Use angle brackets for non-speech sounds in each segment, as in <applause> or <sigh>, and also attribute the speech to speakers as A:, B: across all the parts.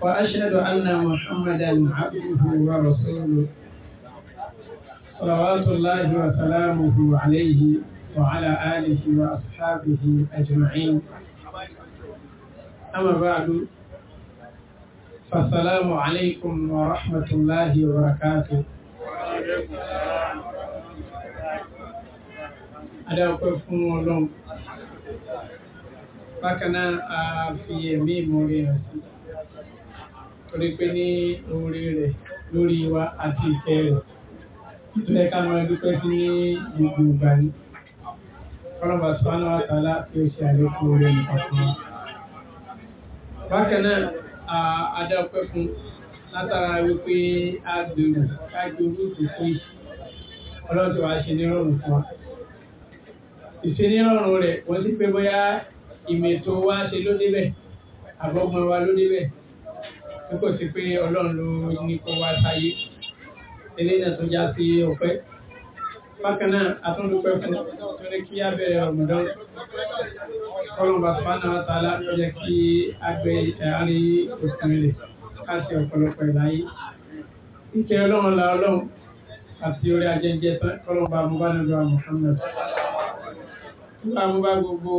A: وأشهد أن محمدا عبده ورسوله صلوات الله وسلامه عليه وعلى آله وأصحابه أجمعين أما بعد فالسلام عليكم ورحمة الله وبركاته
B: وعليكم
A: السلام ورحمة الله وبركاته a torí pé ní oore rẹ̀ lórí wa àti ìfẹ́ rẹ̀ tó yẹ ká máa dúpẹ́ sí ní gbogbo ìgbà ni ọlọ́ba sọ́nà àtàlà tí ó ṣe àlékún oore nìkan fún wa. bákan náà adápẹ́ fún látara wípé a gbèrò ká gbèrò òkùnkùn yìí ọlọ́run ti wá ṣe nírọ̀rùn fún wa. ìṣe nírọ̀rùn rẹ̀ wọ́n sì pé bóyá ìmẹ̀tò wa ṣe ló débẹ̀ àbọ̀gbọ̀n wa ló débẹ̀ bí kò sí pé ọlọ́run ló ní kó wá sáyé eléyìí náà tó já sí ọpẹ́ bákan náà atúndúpẹ́ fún torí kí á bẹ̀rẹ̀ ọ̀gbọ̀dán kọlọ̀mbà fánà tààlà tó jẹ́ kí agbẹ̀ àárín òkun rẹ̀ káṣí ọ̀pọ̀lọpọ̀ ìláyé ìkẹ́ ọlọ́run la ọlọ́run àti orí ajẹ́jẹ́ tán kọlọ̀mbà amúbánilọ́ Muhammad nígbà mú bá gbogbo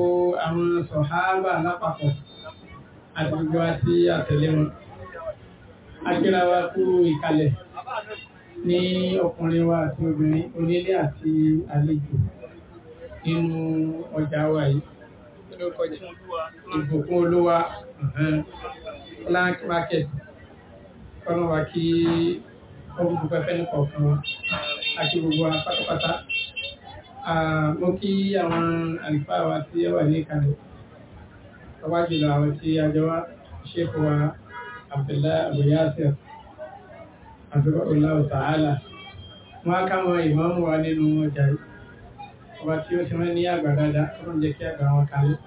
A: àwọn sọ̀háábà lápapọ̀ àti gbogbo àti àtẹ̀lé wọn Akíra wa kú ìkàlẹ̀ ní ọkùnrin wa àti obìnrin onílé àti àlejò nínú ọjà wa yìí. Ìbùkún olúwa Blank Market. Kọ́nà wa kí ọmọ gbogbo ẹfẹ́ ní kọ̀ọ̀kan wa àti gbogbo apátápátá. Mo kí àwọn àlùfáà wa tí ó ní ìkàlẹ̀. Ọwájú àwọn tí a jọ wá ṣépò wa. Abdullahi Abu Yasir Azubahullahu Ta'ala. Wọ́n á kámọ ìmọ̀mù wa nínú jàrí. Ọba tí ó ti wọ́n ní àgbà dáadáa, ọlọ́run jẹ́ kí àgbà wọn kalẹ̀.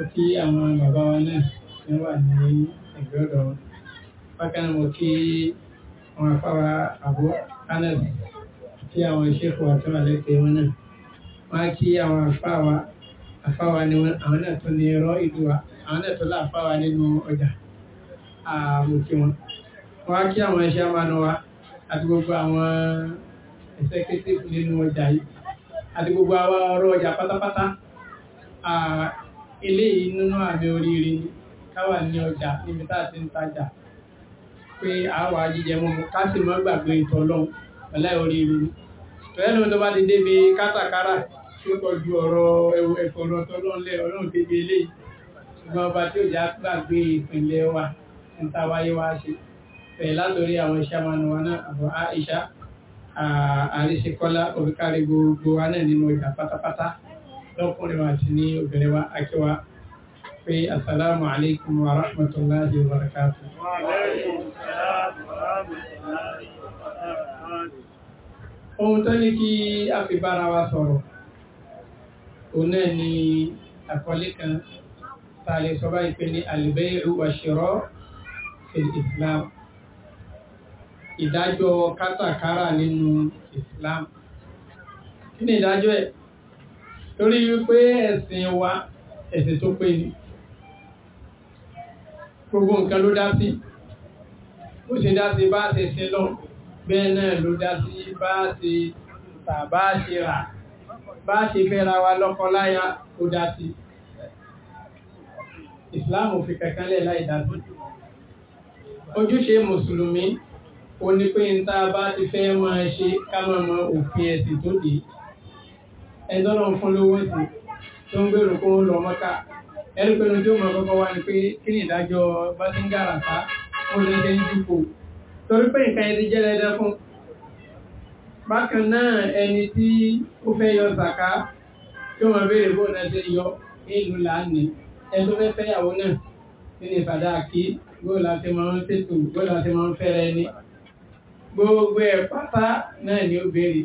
A: Ó kí àwọn bàbá wa náà tí wọ́n wà ní ẹgbẹ́ ọ̀dọ̀ wọn. Bákan mo kí àwọn afáwa Abu Anas kí àwọn wọn àwọn afáwa ni wọn ìdúwà, àwọn náà tó nínú ọjà àmùkí wọn wọ́n á kí àwọn ẹṣẹ́ amánu wa àti gbogbo àwọn ẹsẹ̀ kétéèkù nínú ọjà yìí àti gbogbo àwọn ọ̀rọ̀ ọjà pátápátá eléyìí nínú àmì oríire káwà ní ọjà níbi tá a ti ń tajà pé àwà jíjẹ mọ́ ká sì mọ́ gbàgbé ìtọ́ ọlọ́run ọ̀lá oríire ni pẹ̀lú tó bá ti débi kátàkárà tí ó tọ́jú ọ̀rọ̀ ẹ̀kọ́ ọ̀rọ̀ tọ́lọ́run lẹ́ ọlọ́run débi eléyìí ṣùgbọ́n ọba tí ó jà gbàgbé ìpínlẹ̀ wa ń tá a bá yé wá sí bẹ̀rẹ̀ látòrí àwọn iṣẹ́ amánu wa náà àbọ̀ Aisha àríṣekọ́lá òbíkárí gbogbo wa náà nínú ìgbà pátápátá lọ́kùnrin wa àti ní obìnrin wa akíwa pé asalaamu alaykum wa rahmatulahi wa barakatu. ohun tó ní kí a fi bára wa sọ̀rọ̀ òun náà ni àkọlé kan tá sọ báyìí pé ní al-bay'u wa shira' islam ìdájọ́ kátàkárà nínú islam kí ni ìdájọ́ ẹ̀ torí wípé ẹ̀sìn wa ẹ̀sìn tó pé ní gbogbo nǹkan ló dá sí ó ṣe dá sí bá ṣe ṣe lọ bẹ́ẹ̀ náà ló dá sí bá ṣe tàbá ṣe rà bá ṣe fẹ́ra wa lọ́kọ láya ó dá sí ìsìláàmù fi kẹkànlẹ̀ láì dá sí ojúṣe mùsùlùmí ó ní pé n tá a bá ti fẹ́ máa ṣe ká máa mọ òfin ẹ̀sìn tó dé ẹni tó lọ́n fún lówó sí tó ń gbèrò kó ń lọ mọ́ká ẹni pé ohun tí ó mọ̀ kọ́kọ́ wá ni pé kí ni ìdájọ́ bá ti ń gàràfá ó lè ṣe ń dúpọ̀ torí pé nǹkan ẹni jẹ́ lẹ́dẹ́ fún bákan náà ẹni tí ó fẹ́ yọ zàká tí ó mọ̀ béèrè bóun náà ṣe yọ nílùú lánìí ẹni tó fẹ́ fẹ́yàwó náà nílé fàdáàkì bóò láti máa ń ṣètò bóò láti máa ń fẹ́rẹ̀ ẹni gbogbo ẹ̀ pátá náà ni ó béèrè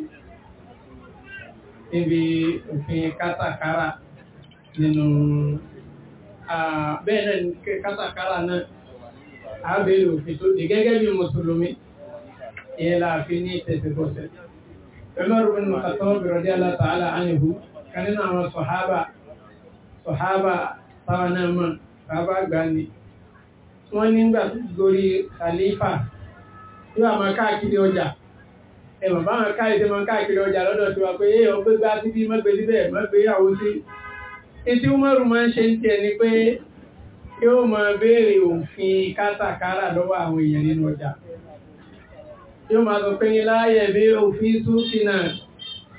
A: níbi òfin kátàkárà nínú bẹ́ẹ̀ náà kátàkárà náà a béèrè òfin tó dé gẹ́gẹ́ bí mùsùlùmí ìyẹn láàfin ní tẹ̀sẹ̀bọ̀sẹ̀ Umar bin Khattab radiyallahu ta'ala anhu kan nínú àwọn sọ̀hábà sọ̀hábà táwọn náà mọ̀ bàbá àgbà ni wọ́n nígbà tó ti gorí khalifa yóò àmọ́ káàkiri ọjà ẹ̀mọ̀ bá wọn káàkiri wọn káàkiri ọjà lọ́dọ̀ tí wà pé ẹ ọgbẹ́ gbá síbí mọ́gbẹ́ síbẹ̀ mọ́gbẹ́ ìyàwó sí etí Umaru máa ń ṣe ń tiẹ̀ ni pé yóò máa béèrè òfin kátàkárà lọ́wọ́ àwọn èèyàn nínú ọjà yóò máa sọ pé ní láàyè bí òfin súnkìnà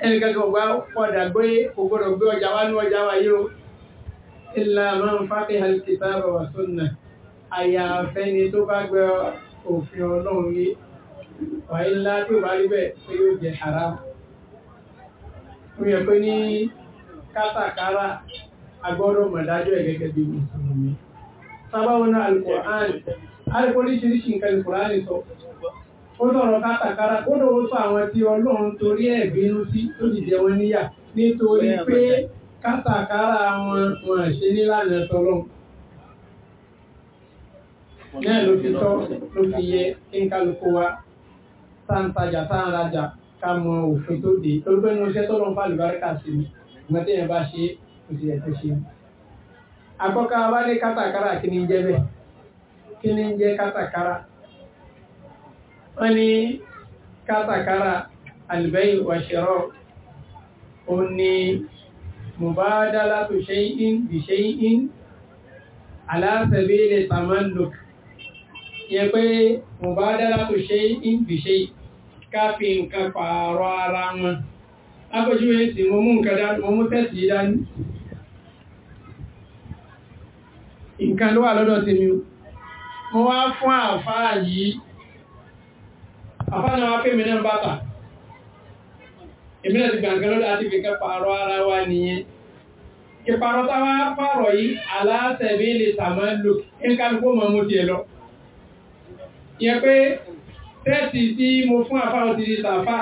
A: ẹnìkankan ọgbà pọ̀dà gbé ògbọ́dọ̀ gbé ọjà wá ní ọjà wáyé o ilà máa ń fákè alìkìtà wa sunna ni tó bá gbọ́ òfin ọlọ́run yé wàyí ńlá tó bá rí bẹ́ẹ̀ pé yóò jẹ haram ó yẹ pé ní kátàkárà agbọ́dọ̀ mọ̀dájọ́ ẹ̀ gẹ́gẹ́ bí
B: mùsùlùmí
A: sábáwọn alukur'an alukóríṣiríṣi nǹkan alukur'an sọ ó sọ̀rọ̀ kátàkárà kódò ó sọ àwọn tí ọlọ́run torí ẹ̀ bínú sí tó dìde wọn níyà nítorí pé kátàkárà wọn wọn ṣe nílànà tọlọ
B: náà ló fi tọ́
A: ló fi yẹ kí n kálukú wa tá ń tajà tá ń rajà ká mọ òfin tó dé torí pé ní oṣẹ́ tọ́lọ́ ń fa àlùbáríkà sí mi ìgbọ́n tí yẹn bá ṣe kò sì yẹ kó ṣe. àkọ́kọ́ wa ní kátàkárà kí ni ń jẹ́ bẹ́ẹ̀ kí ni ń jẹ́ kátàkárà wọ́n ní kátàkárà àlùbẹ́yìn wàṣẹ̀rọ̀ ó ní mubadalatu shay'in bi shay'in ala sabili tamalluk yẹ pé mubadalatu shay'in bi shay'in káfí nǹkan pààrọ̀ ara wọn lápẹjúwé sí mo mú nǹkan dání mo mú tẹ́sì dání nǹkan ló wà lọ́dọ̀ ti mi mo wá fún ti fi nǹkan pààrọ̀ ara wa nìyẹn ìparọ́ta wá pààrọ̀ yìí aláàtẹ̀bí lè tàmà lò kíkàlùkù mọ̀ mú ti ẹ̀lọ. yẹ pé tẹ́ẹ̀tì tí mo fún àfáwọn ti di tàfà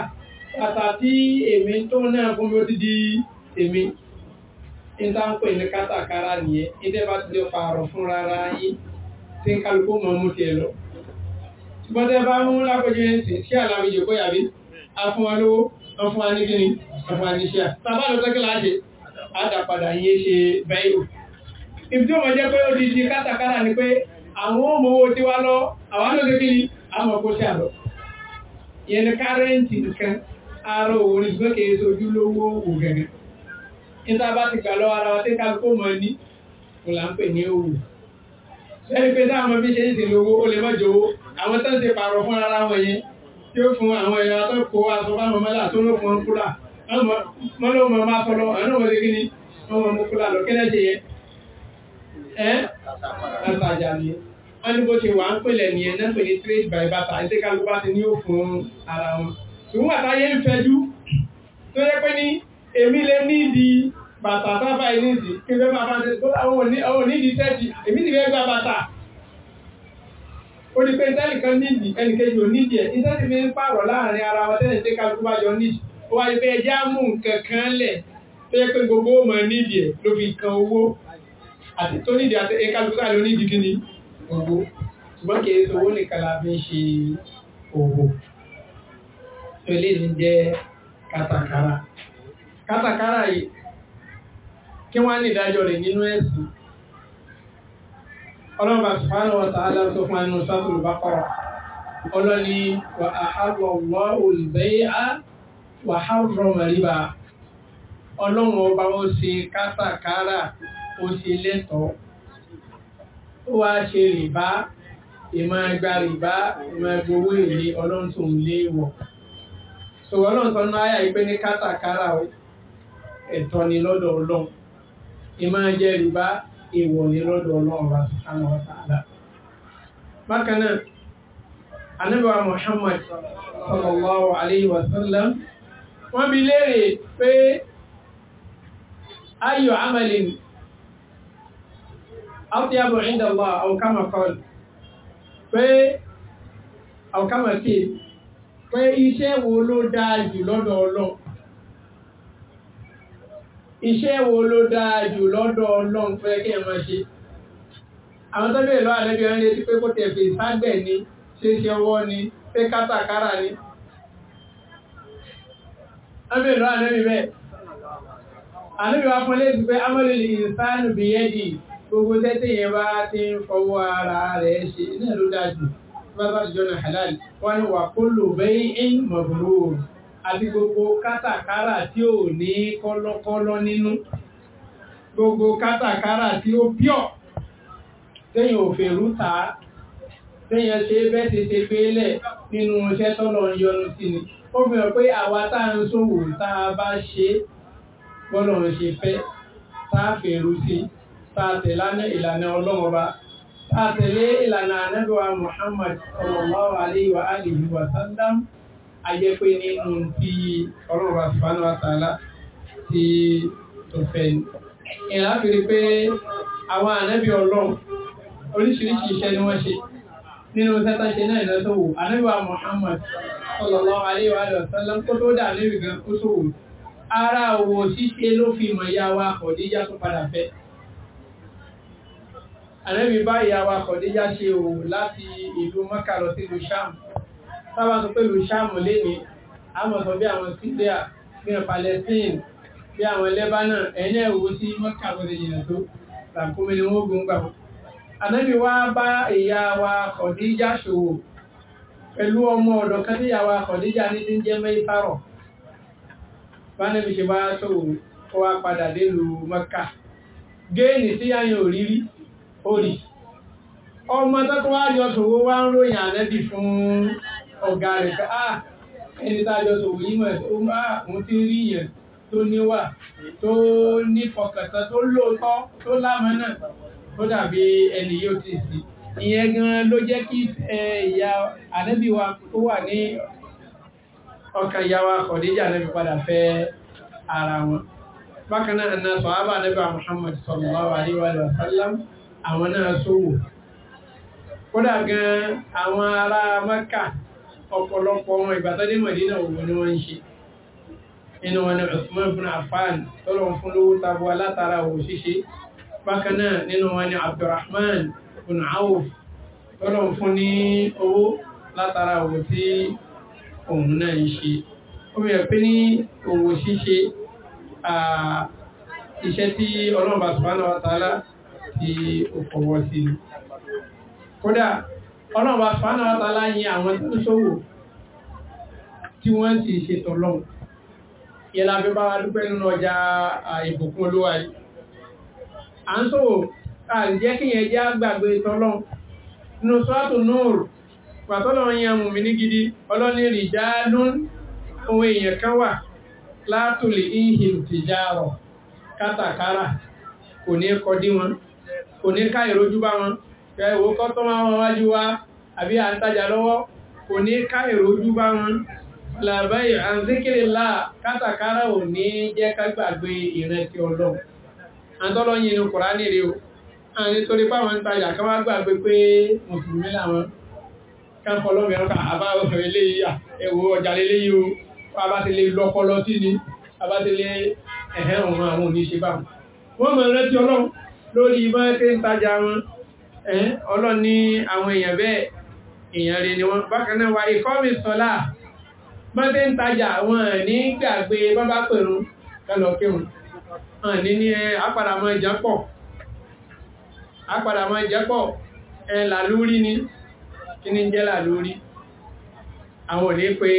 A: tàtà tí èmi tó náà fún mi ó ti di èmi ìtànkù ní kátàkárà nìyẹn ìdẹ́ bá ti lè pààrọ̀ fún rárá yìí tí kálùkù mọ̀ mú ti ẹ̀lọ. ṣùgbọ́n tẹ́ bá mú lápẹjọ ẹ̀sìn sí àlàmì ìjòkó yàbí afún wa lówó wọ́n fún wa ní kíni wọ́n wa ní ṣíà tàbá lọ tẹ́kí àdàpadà yé ṣe bẹ́ẹ̀rù ibi tí ó mọ̀ jẹ́ pé ó di di kátàkárà ni pé àwọn òmòwò tí wá lọ àwọn àlọ́ kí ni àmọ̀ kó ṣe àlọ́ yẹn ni kárẹ́ǹtì nìkan ara òun ní gbẹ́kẹ̀ èso ojúlówó òwò gẹ̀gẹ̀ níta bá ti gbà lọ ara wa tí kálukó mọ̀ ní kò là ń pè ní òwò sẹ́ni pé táwọn bí ṣe ń sìn lówó ó lè má jowó àwọn tó ń ṣe pààrọ̀ fún ara wọn yẹn tí ó fún àwọn èèyàn tó kó aṣọ fáwọn mẹ́lá mọ́lọ́mọ́ máa fọ́lọ́ àwọn ọmọdé kí ni ọmọ mú kúlà lọ kílẹ̀ ṣe yẹ ẹ́ àṣàjà ni wọ́n ní bó ṣe wà ń pèlẹ̀ nìyẹn náà pè ní trade by barter ní tẹ́kálú bá ti ní ó fún ara wọn ṣùgbọ́n àtàyé ń fẹjú tó yẹ pé ní èmi lè nídi bàtà sábà ìnídi kí fẹ́ bàbá ṣe tó àwọn nídi tẹ́tì èmi ti fẹ́ gba bàtà ó ní pé ìtẹ́lì kan nídi ẹnìkejì ò nídi ẹ̀ ìtẹ́lì fi ń pààrọ̀ láàrin ara wọn tẹ́lẹ̀ tẹ́kálú bá jọ nídi ó wáyé pé ẹjá mú nǹkan kan lẹ̀ tó yẹ pé gbogbo ọmọ nídìí ẹ̀ ló fi kan owó àti tó nídìí àti ẹkálùkà ló nídìí kí ni owó ṣùgbọ́n kìí sọ owó nìkan la fi ń ṣe owó tó lè ní jẹ́ kátàkárà kátàkárà yìí kí wọ́n ní ìdájọ́ rẹ̀ nínú ẹ̀sìn ọlọ́mà subhanahu wa ta'ala sọ fún àánú sátùlù bá kọ́ra ọlọ́ni wà áhàrọ̀ wọ́ olùbẹ́yà wàhálùrọ̀mù ríbà ọlọ́run ọba ó ṣe kátàkárà ó ṣe lẹ́tọ̀ọ́ ó wá ṣe rìbá ìmọ̀ ẹgbà rìbá ìmọ̀ ẹgbà owó èlé ọlọ́run tó ń lé wọ̀ so ọlọ́run tó ń náà yà pé ní kátàkárà ẹ̀tọ́ ni lọ́dọ̀ ọlọ́run ìmọ̀ ẹjẹ́ rìbá èèwọ̀ ni lọ́dọ̀ ọlọ́run ọba sùkánà ọ̀tà àlá bákan náà anábẹ́wà Muhammad sallallahu alayhi wa sallam wọ́n bi léèrè pé ayò amalin afdiyabu inda Allah aw kama qal pé aw kama fi pé iṣẹ́ wo ló dáa jù lọ́dọ̀ Ọlọ́run iṣẹ́ wo ló dáa jù lọ́dọ̀ Ọlọ́run pé kí ẹ ṣe àwọn tó bèèrè lọ́wọ́ àlẹ́bí ọ̀rẹ́ ti pé kó tẹ̀ fi ni ṣe ṣe ọwọ́ ni pé kátàkárà ni ọmọ ìrọ̀ ànẹ́bì bẹ́ẹ̀ ànẹ́bì wá fún lẹ́sì pé amọ́lẹ̀lì ìsánù bí yẹ́dì gbogbo tẹ́tẹ́ yẹn bá ti ń fọwọ́ ara rẹ̀ ṣe náà ló dájú bábá jọna halal wọ́n ni wà kó lò bẹ́yìn mabrur àti gbogbo kátàkárà tí ò ní kọ́lọ́kọ́lọ́ nínú gbogbo kátàkárà tí ó pure tẹ́yìn ṣe ṣe pé lẹ̀ nínú iṣẹ́ tọ́lọ yọnu sí ni ó fi hàn pé àwa tá à ń ṣòwò tá a bá ṣe bọ́lọ̀ ń ṣe fẹ́ tá a fèrú sí tá a tẹ̀lé ìlànà ọlọ́run tá a tẹ̀lé ìlànà anábíwá Muhammad sallallahu alayhi wa alihi wa sallam ayé pé nínú tí ọlọ́run ọba subhanahu wa ta'ala tí tó fẹ́ ni. ìlànà fi rí pé àwọn anábí ọlọ́run oríṣiríṣi iṣẹ́ ni wọ́n ṣe nínú sẹ́tàṣe náà ìlọ́sọ̀wò anábíwá Muhammad sallallahu alaihi wa sallam kó tó dà níbi gan kó ara òwò ṣíṣe ló fi mọ̀ ìyá wa Khadija tó padà fẹ́ àrẹ́bí bá ìyá wa Khadija ṣe òwò láti ìlú Mọ́kà lọ sí lùṣàmù sábà tó pé lùṣàmù léni àmọ̀sọ̀ bí àwọn Syria bí i Palestine bí àwọn Lebanon ẹ̀yẹ́ òwò sí Mọ́kà lọ́dẹ̀ yìnà tó làkúnmí ni wá bá ìyá wa Khadija ṣòwò pẹ̀lú ọmọ ọ̀dọ̀ kan níyàwó akọ̀díjà ní ti ń jẹ́ mẹ́fàrọ̀ bánẹ́bí ṣe bá tó ó wá padà délùú mọ́kà géènì tí yáyàn òrírí orì ọmọ tọ́tọ́ wá jọ tòwó wá ń ròyìn ànẹ́bì fún ọ̀gá rẹ̀ ah ẹni tá jọ tòwó yí mọ̀ ó má ah, òun ti rí yẹn tó níwà tó ní fọkàntán tó lóòótọ́ tó lámọ́ náà tó ìyẹn gan ló jẹ́ kí ìyá ànábì wa tó wà ní ọkàn ìyá wa Khadija ànábì padà fẹ́ ara wọn bákan náà sọ̀hábà ànábì Muhammad sallallahu alaihi wa sallam àwọn náà sówò kódà gan àwọn ará Mẹ́kà ọ̀pọ̀lọpọ̀ wọn ìgbàtọ́dé ni wọ́n ń ṣe inú wọn ni Usman ibn Affan tọ́lọ̀ fún lówó tabo alátara òwò ṣíṣe bákan náà nínú wọn Abdurrahman ibn Auf tọ́lọ̀ ń fún ní owó látara òwò tí òun náà ń ṣe ó bẹ̀rẹ̀ pé ní òwò ṣíṣe iṣẹ́ tí ọlọ́mbà subhanahu wa ta'ala tí sí ni kódà ọlọ́mbà subhanahu wa ta'ala yin àwọn tó ṣòwò tí wọ́n sì ṣe tọ́lọ́ yẹlá bí bá wá dúpẹ́ nínú ọjà ìbùkún olówárí à ń ṣòwò àìjẹ́ kí yẹn jẹ́ àgbàgbé tọ́lọ́n nínú sọ́tù nóòrù pàtọ́lọ̀ yẹn mú mi gidi ọlọ́ni ohun èèyàn kan wà látòlè ihìn tìjárọ̀ kátàkárà kò ní kọdí wọn kò ní ká bá wọn kọ́tọ́ máa wọn wájú wá àbí lọ́wọ́ kò ní ká bá wọn o nítorí páwọn ń tajà ká máa gbàgbé pé mùsùlùmí láwọn káńkọ́ lọ́wọ́ ẹ̀rọ àbá ọ̀fẹ́ ilé ìyà ẹ̀wọ̀ ọjà lélé yìí o àbá ti lè lọ́pọlọ tí ni àbá ti lè ẹ̀hẹ́ ọ̀run àwọn oníṣẹ́ báwọn wọ́n mọ̀ rántí ọlọ́run lórí bá ṣe ń tajà wọn ọlọ́run ní ni wọ́n bákan náà wà ìkọ́mì sọ́lá bá ṣe ń tajà wọn apàdàmọ́ ìjà a padà mọ́ ìjẹ́pọ̀ ẹ làlúrí ni kí ní jẹ́ làlúrí àwọn òní pé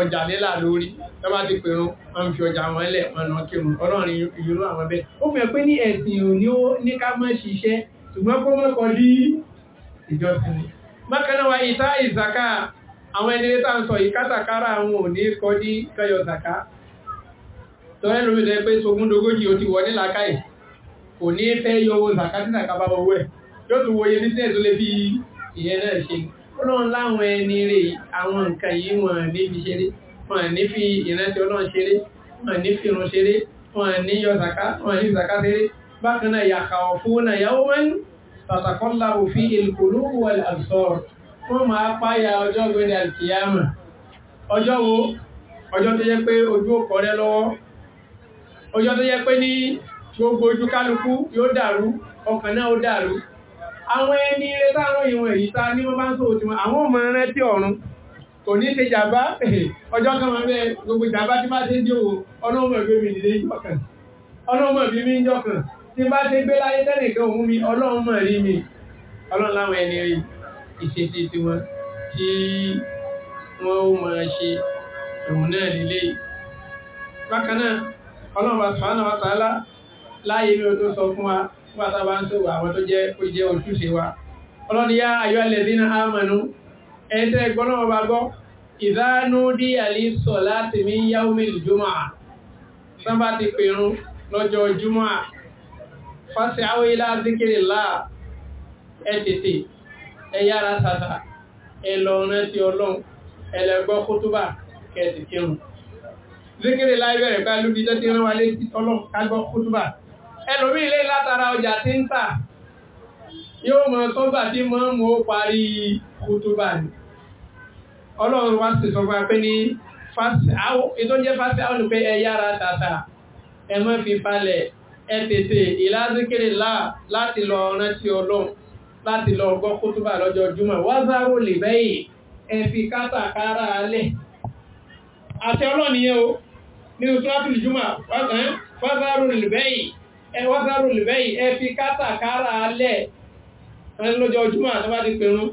A: ọjà lé làlúrí tó bá ti pèrún wọ́n fi ọjà wọn lẹ̀ wọn lọ kírun ọlọ́rin ìlú àwọn bẹ́ẹ̀ ó fẹ́ pé ní ẹ̀sìn ò ní ká mọ́ ṣiṣẹ́ ṣùgbọ́n kó mọ́ kọ dí ìjọsìn bákanáwà ìta ìzàká àwọn ẹnilé tàà ń sọ ìkátàkárà àwọn òní kọ ní kẹyọ zàká tọ́rẹ́lùmí lẹ́gbẹ́ sogúndogójì ó ti wọ nílàkáì kò ní fẹ́ yọ owó zakatínà kaba owó ẹ̀ yóò tún wòye business lè fi ìyẹn náà ṣe ọlọ́run láwọn ẹni rẹ̀ àwọn nǹkan yìí wọ́n ní fi ṣeré wọ́n ní fi ìrántí ọlọ́run ṣeré wọ́n ní fi irun ṣeré wọ́n ní yọ zaka wọ́n ní zaka ṣeré bákan náà yàkà ọ̀fún náà yàwó mẹ́rin tàtàkọ́lá òfin ìlkùlù wọl àbsọ̀rọ̀ wọ́n máa páyà ọjọ́ gbẹ̀rẹ̀ àkìyàmà ọjọ́ wo ọjọ́ tó yẹ pé ojú òkọ̀rẹ́ lọ́wọ́ ọjọ́ tó yẹ pé ní gbogbo ojú kálukú yóò dàrú ọkàn náà ó dàrú àwọn ẹni ilé táwọn ìwọ̀n èyí ta ní wọ́n bá ń sọ wọn àwọn ọmọ tí ọ̀run kò ní ṣe jàbá <laughs> ọjọ́ kan gbogbo jàbá tí bá ṣe ń bá ṣe gbé láyé òun mi rí mi ọlọ́run láwọn ẹni rí ìṣesí láàyè mi ò tó sọ fún wa nígbà tá a bá ń sòwò àwọn tó jẹ́ ó jẹ́ ojúṣe wa ọlọ́ni yá ayọ́ alẹ́dínà àmànú ẹ̀ẹ́tẹ́ gbọ́nà ọba gbọ́ ìdánú dí àlìsọ̀ láti mi yaumil jùmọ̀ sábà ti pèrún lọ́jọ́ jùmọ̀ fásí àwọn ilá zikiri láà ẹ tètè ẹ yára rán wa létí ọlọ́run kágbọ́ kútúbà ẹlòmí ilé látara ọjà tí ń tà yóò mọ̀ sọ́gbà tí mọ́ mú ó parí kútúbà ní ọlọ́run wá sí sọ́gbà pé ní ìtọ́ jẹ́ fásí àwọn olùgbé ẹyára tàtà ẹmọ́ fi falẹ̀ ẹ tètè ìlázíkiri láti lọ rántí ọlọ́run láti lọ gbọ́ kútúbà lọ́jọ́ júmọ̀ wázáró lè bẹ́yìn ẹ fi kátàkárà alẹ́ àti ọlọ́run yẹn ẹwà gbárù lùbẹ́yìn ẹ fi kátàkárà alẹ́ lọ́jọ́ ojúmọ́ àtọ́bá ti pẹ̀rún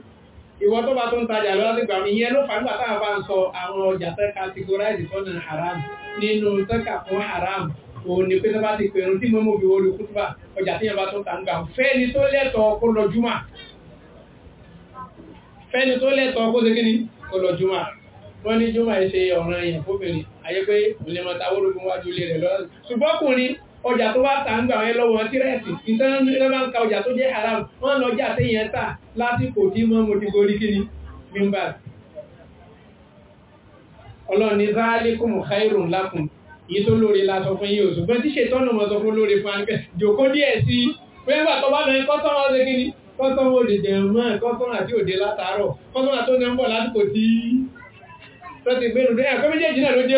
A: ìwọ tó bá tó ń tajà lọ́wọ́ sí gbàmí ìyẹn ló fàgbà táà bá ń sọ àwọn ọjà tẹ́ categorize sọ́nà haram nínú tẹ́kà fún haram òun ni pé tó bá ti pẹ̀rún tí mọ́mọ́ fi wọlé kútùbà ọjà tí yẹn bá tó ń tàǹgbà fẹ́ni tó lẹ́tọ̀ọ́ kó lọ júmà fẹ́ni tó lẹ́tọ̀ọ́ kó ṣe kíni kó lọ júmà wọ́n ní júmà ṣe ọ̀ràn èèyàn fóbìnrin àyẹ́pẹ́ òun lè mọ ọjà tó bá tà ń gbà wọn lọ́wọ́ tírẹ̀tì ìtàn bá ń ka ọjà tó jẹ́ haram wọ́n lọ jà téèyàn tà lásìkò tí mọ́ mo ti gorí kíni mímbà ọlọ́ni záàlékùn khairun lakum èyí tó lóore la sọ fún yín o ṣùgbọ́n tí ṣètọ́nà mọ́ sọ fún lóore fún àǹkẹ́ jòkó díẹ̀ sí pẹ́gbà tó bá lọ ní kọ́tọ́mọ́ ṣe kí ni kọ́tọ́mọ́ òdè jẹ̀mọ́ kọ́tọ́mọ́ àti òdè látàárọ̀ kọ́tọ́mọ́ tó ní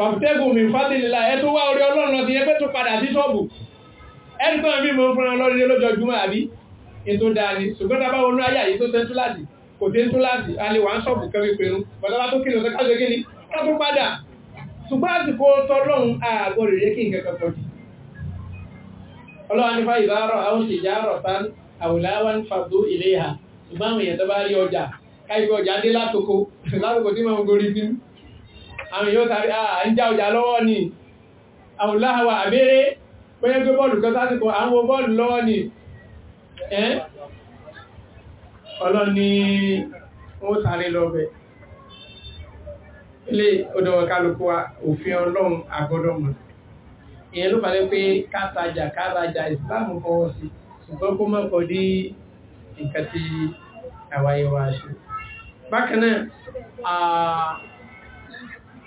A: pàmtẹ́gùn mi fàtílìlá ẹ tó wá orí ọlọ́run lọ ti yẹ pé tó padà sí ṣọ́ọ̀bù ẹgbọ́n mi mọ́ fún ọlọ́rin lójoojúmọ́ àbí in tó ni ṣùgbọ́n tàbá wọnú ayà yìí tó tẹ́ tó láti kò tẹ́ tó láti a lè wà ń ṣọ́ọ̀bù kẹ́rin pẹ̀lú bọ̀dọ́lá tó kìlọ̀ sẹ́kájọ́ gíní ká tó padà ṣùgbọ́n àsìkò tọ́lọ́run àgọ́ rẹ̀ yẹ kí nǹkan kan pọ̀jù ọlọ́wà nípa ìbárọ̀ àwọn ìjárọ̀ tán àwòláwà ń fàdó ilé ha ṣùgbọ́n àwọn èèyàn àwọn èèyàn sáré à ń já ọjà lọ́wọ́ ni àwòláhàwà àbẹ́rẹ́ pẹ́yẹ́ pé bọ́ọ̀lù kan sásìkò àwọn bọ́ọ̀lù lọ́wọ́ ni ọlọ́ni ó sáré lọ́bẹ̀ ilé ọdọ̀wọ̀ kálukú òfin ọlọ́run àgọ́dọ̀ mọ̀ ìyẹn ló fàlẹ́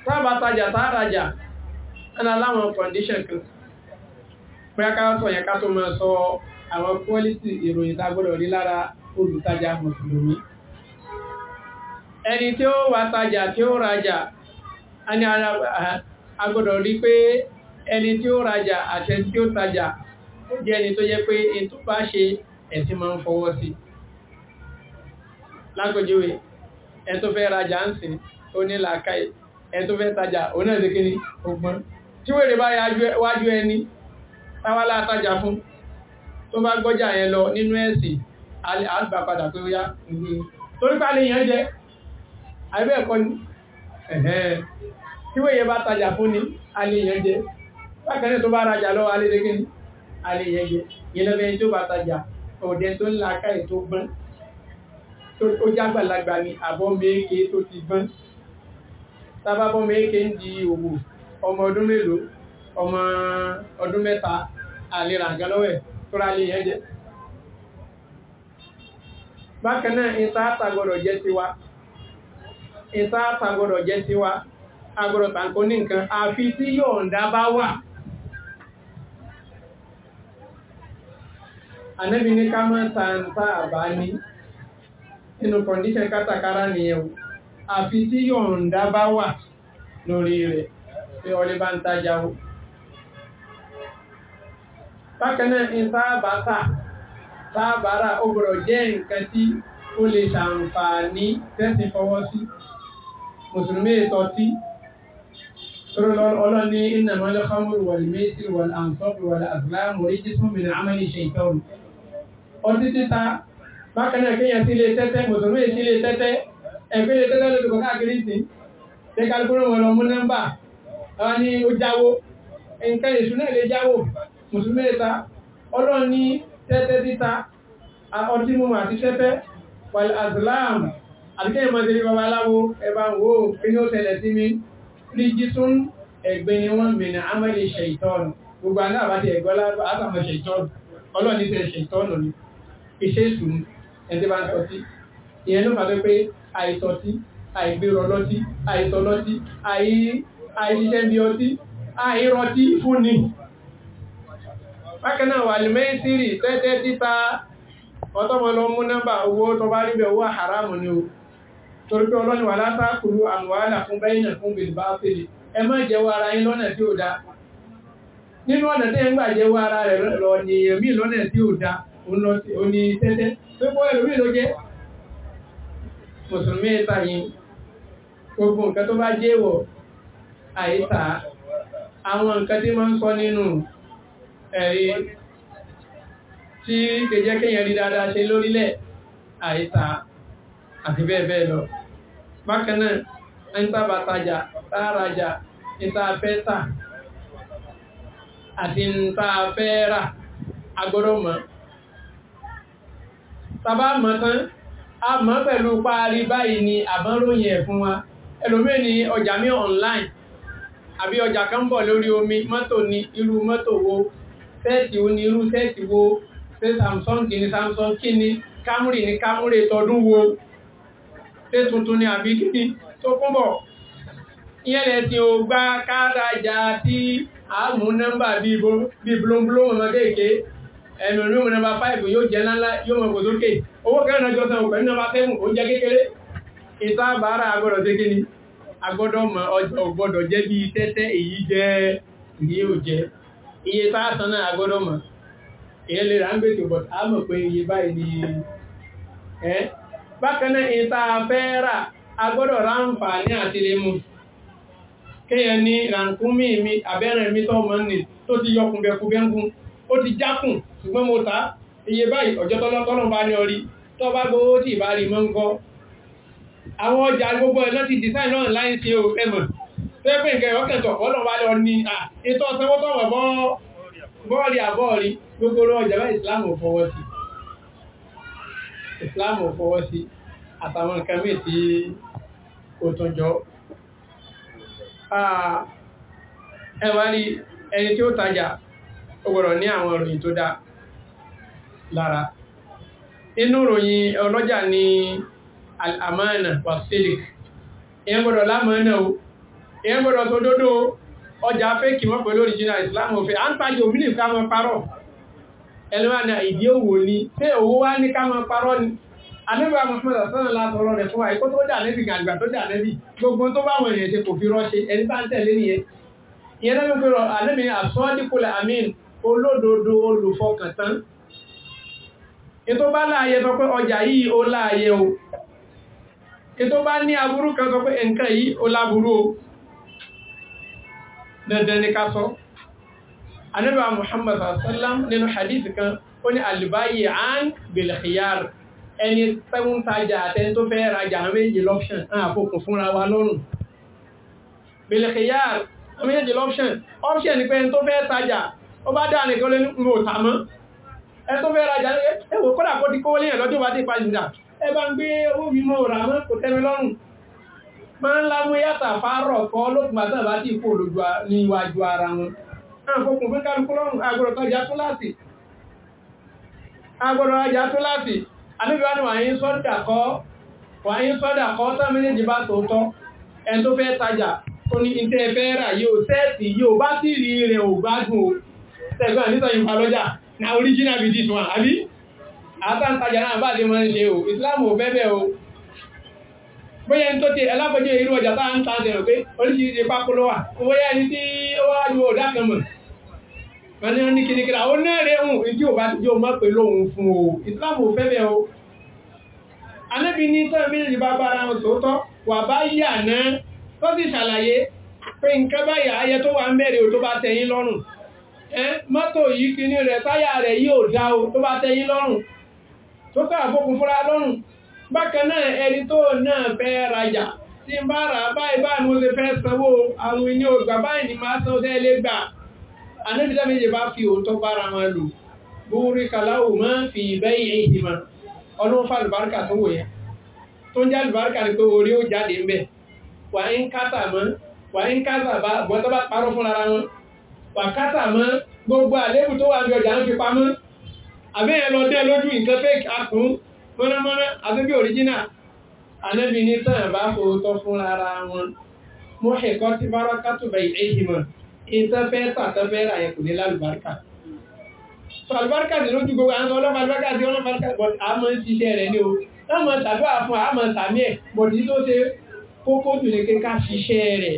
A: tábà tajà tààràjà ẹ̀nà láwọn condition kan pẹ́ ká sọ yẹn ká tó sọ àwọn quality ìròyìn tágbọ́dọ̀ rí olu olùtajà mùsùlùmí ẹni tí ó wà tajà tí ó rajà ẹni agbọ́dọ̀ rí pé ẹni tí ó rajà àti ẹni tí ó tajà ó jẹ́ tó jẹ́ ẹni tó fẹ́ tajà òun náà ṣe kí ni ọgbọ́n tí wèrè bá wájú ẹni táwálá tajà fún tó bá gbọ́jà yẹn lọ nínú ẹ̀sìn àgbà padà yá ìlú torí ni tí wèrè bá tajà fún ni alẹ́ yẹn jẹ bákanáà tó bá rajà lọ alẹ́ lé kíni alẹ́ yẹn jẹ yẹn lọ́bẹ̀ tó bá tajà ọ̀dẹ tó ń la káì tó gbọ́n tó jágbàlagbà ni àbọ̀ mẹ́ẹ̀kẹ́ tó ti gbọ́n tábà bọ́ méèké ń di òwò ọmọ ọdún mélòó ọmọ ọdún mẹ́ta àlera nǹkan lọ́wọ́ ẹ̀ tó ra lè yẹn jẹ bákan náà ìtaàtà gbọ́dọ̀ jẹ́ tiwa ìtaàtà gbọ́dọ̀ jẹ́ tiwa agbọ́dọ̀ tàǹkó ní nǹkan àfi tí yọ̀ǹda bá wà anẹ́bí ní ká mọ́ tàǹtà àbá ní inú kọ̀ndíṣẹ̀ kátàkárá nìyẹn àfi tí yọ̀ǹda bá wà lórí rẹ̀ pé ọlé bá ń tajà ó bákanáà ní sáàbátà sáàbára ó gbọ́dọ̀ jẹ́ nǹkan tí ó lè ṣàǹfààní tẹ́sí fọwọ́ sí mùsùlùmí ètò tí ọlọ́ni innamal khamru wal maisiru wal ansabu wal azlamu rijsun min amali shaytan bákanáà kéèyàn sí ilé tẹ́tẹ́ mùsùlùmí sí ilé tẹ́tẹ́ ẹ̀pẹ́lẹ̀ tẹ́lẹ̀ lórí kọ̀ káàkiri sí ṣe kálukúrò wọn lọ mú nọ́mbà àwọn ni ó jáwó nǹkan èṣù náà lè jáwó mùsùlùmí ta ọlọ́run ní tẹ́tẹ́ títa ọtí mímu àti tẹ́tẹ́ wal azlam àdúgbò ìmọ̀tẹ́lẹ̀ babaláwo ẹ̀bá wo kí ni ní iṣẹ́ ìṣù ẹ̀ńtẹ́ ń sọ sí ìyẹn ló fà pé àìsọtí àìgbéró ọlọ́tí àìsọlọ́tí àìṣiṣẹ́ bí ọtí àìrọtí fúnni bákan wà lè mẹ́rin sírì tẹ́tẹ́ títa ọtọ́mọ lọ mú nọ́mbà owó tó bá rí owó àhàrámù ni o torí pé ọlọ́ni wà látàkùrú àmúwàlà fún bẹ́yìnà fún bèlbá pèlè lọ mùsùlùmí ìta yìí gbogbo nǹkan tó bá jẹ́ ìwọ̀ àìta àwọn nǹkan tí ma ń sọ nínú ẹ̀rí tí lè jẹ́ kéèyàn rí dáadáa ṣe lórílẹ̀ àìta àti bẹ́ẹ̀ bẹ́ẹ̀ lọ bákan náà ń tàbà tajà tààrajà ìta fẹ́ tà àti ìta fẹ́ rà agbọ́dọ̀ mọ̀ tàbá mọ̀ tán a mọ̀ pẹ̀lú parí báyìí ni àbánròyìn ẹ̀ fún wa ẹlòmí ni ọjà mi online àbí ọjà kan bọ̀ lórí omi mọ́tò ni irú mọ́tò wo sẹ́ẹ̀tì wo ni irú sẹ́ẹ̀tì wo ṣe Samsung ni Samsung kí ni Camry ni Camry tọdún wo ṣe tuntun ni àbí kí ni tó kúnbọ̀ ìyẹ́lẹ̀ tí ó gbá kárajà tí a mú nọ́mbà bí blóńblóń ẹnu rúùmù nọ́mbà fáìfù yóò jẹ ńláńlá yóò mọ̀ gòsókè owó kẹrìnà jọ sanwó pẹ̀lú nọ́mbà sẹ́fù ó jẹ́ kékeré ìta bàárà agbọ́dọ̀ sí kíni agbọ́dọ̀ mọ̀ ọgbọ́dọ̀ jẹ́ bí tẹ́tẹ́ èyí jẹ́ iye tá san náà agbọ́dọ̀ ma. èyẹ lè rà ń gbèsè mọ̀ pé iye báyìí ni bákan náà ìta fẹ́ rà agbọ́dọ̀ ráǹfà ní kéèyàn ní mi mọ́ tó ti ó ti jákùn ṣùgbọ́n mo ta iye báyìí ọjọ́ tọ́lọ́tọ́lọ́ bá ní orí tọ́ bá gbówó tí ìbá rí mọ́ ń kọ́ àwọn ọjà gbogbo ẹ̀ lọ́ti design náà láì ṣe o ẹmọ̀ tẹ́gbẹ̀ nǹkan ìwọ́kẹ̀tọ̀ ọlọ́ wà lọ ní ìtọ́ sanwó tọ́wọ̀ bọ́ọ̀lì àbọ́ọ̀lì gbogbo ọjà bá ìsìlámù fọwọ́ sí ìsìlámù fọwọ́ sí àtàwọn nǹkan mí tí ó tún rí ẹni tí ó tajà ó ní àwọn ìròyìn tó dáa lára inú ròyìn ọlọ́jà ni al'amana wa sidik èyàn gbọ́dọ̀ lámọ́nà o èyàn gbọ́dọ̀ tó dódó ọjà fẹ́kì mọ́ pẹ̀lú original islam òfin a ń tàjì òmìnì ká mọ́ parọ́ ẹlùmọ́nà ìdí òwò ni pé owó wá ní ká mọ́ parọ́ ni alẹ́bà Muhammad sọ́nà látọ̀rọ̀ rẹ̀ fún àìkó tó dà lẹ́bì gàgbà tó dà lẹ́bì gbogbo tó bá wọ̀nyẹ̀ ṣe kò fi rọ́ṣe ẹni bá ń tẹ̀lé nìyẹn ìyẹn lẹ́bì pẹ̀lú alẹ́bì àsọ́dípòlẹ̀ amin olódodo olùfọkàntán ìtò bá láàyè sọ pé ọjà yìí ó láàyè o ìtò bá ní aburú kan sọ pé nǹkan yìí ó láburú o dandan ni ká sọ anábà muhammad sallam nínú hadith kan ó ní alìbáyé an bilkhiyar ẹni tẹ́wọ́n tajà àtẹ́ tó fẹ́ rajà méjì lọ́pṣàn àfòkùn fúnra wa lọ́rùn bilkhiyar méjì lọ́pṣàn option ni pé tó fẹ́ tajà ó bá dáa nìkan lé ní mọ̀ ẹ tó fẹ́ rajà ẹ wò kọ́dà kó ti kówó léyìn lọ́jọ́ bá dé pàṣípà ẹ bá ń gbé owó mi mọ́ ọ̀rà mọ́ kò tẹ́mi lọ́rùn máa ń lámú yàtà fárọ̀ kọ́ lókùn àti àbá tí ìkó olójú ní iwájú ara wọn àfọkùn fún kálukú lọ́rùn agbọ̀rọ̀ tọ́jà tó láti agbọ̀rọ̀ ajá tó ni wà ń sọ́dà kọ́ tàmílẹ́jì bá tòótọ́ ẹn tó fẹ́ tajà ó ìtẹ́ẹ̀fẹ́ rà yóò sẹ́ẹ̀sì yóò bá sí rí rẹ̀ ò gbádùn ó tẹ̀gbọ́n nítọ̀ ìfàlọ́jà na original be this one àbí àtàntàjà náà bá lè máa ń ṣe o Islam o bẹ́bẹ̀ o bóyá ní tó ti ẹlápẹ́jẹ́ irú ọjà táà ń ta ṣẹ̀rọ̀ pé oríṣiríṣi pápólówà bóyá ní tí o wá ju da kan mọ̀ wọn ni wọn ní kìnnìkìnnà ó náà rẹ̀ hùn ìdí ò ti jẹ́ o mọ́ pé lóhun fún o Islam o fẹ́bẹ̀ o Ànábì ní tọ́ méjèèjì bá bára wọn sóòtọ́ wà bá yà náà tó sì ṣàlàyé pé nǹkan báyà ayẹ tó wà ń bẹ̀rẹ̀ ò tó bá tẹ̀yìn lọ́rùn mọ́tò yìí kíní rẹ̀ táyà rẹ̀ yíò dá o tó bá tẹ́yìn lọ́rùn tó kà fókun lọ́rùn bákan ẹni tó náà fẹ́ rajà tí ń bá rà báyìí báyìí mo fẹ́ sanwó àwọn ilé ni máa gbà méje bá fi òótọ́ bára wọn lò búrí kàláwò máa fi ìbẹ́ ìhìmọ̀ ọlọ́run tó tó ń ni pé orí ó jáde ń bẹ̀ wà ń kásà mọ́ wà ń kásà bá bọ́tọ́ bá parọ́ wọn pàkátà mọ́ gbogbo àlébù tó wà ní ọjà ń fi pamọ́ àbẹ́yẹn lọ dẹ́ lójú nǹkan fake akùn mọ́nàmọ́ná àti bí òríjínà anẹ́bí ní tàn bá fòótọ́ fún ara wọn mọ́ ẹ̀kọ́ tí bára kátùbẹ̀ ìhìmọ̀ ìtẹ́fẹ́ tàtẹ́fẹ́ ràyẹ̀ kò ní lálùbáríkà so alùbáríkà ní lójú gbogbo àwọn ọlọ́pàá alùbáríkà tí wọ́n alùbáríkà but a mọ́ ń ṣiṣẹ́ rẹ̀ ní o láwọn tàbí àfún àmọ́ tàmí ẹ̀ but tí tó ṣe kókó jù ní kíká ṣiṣẹ́ rẹ̀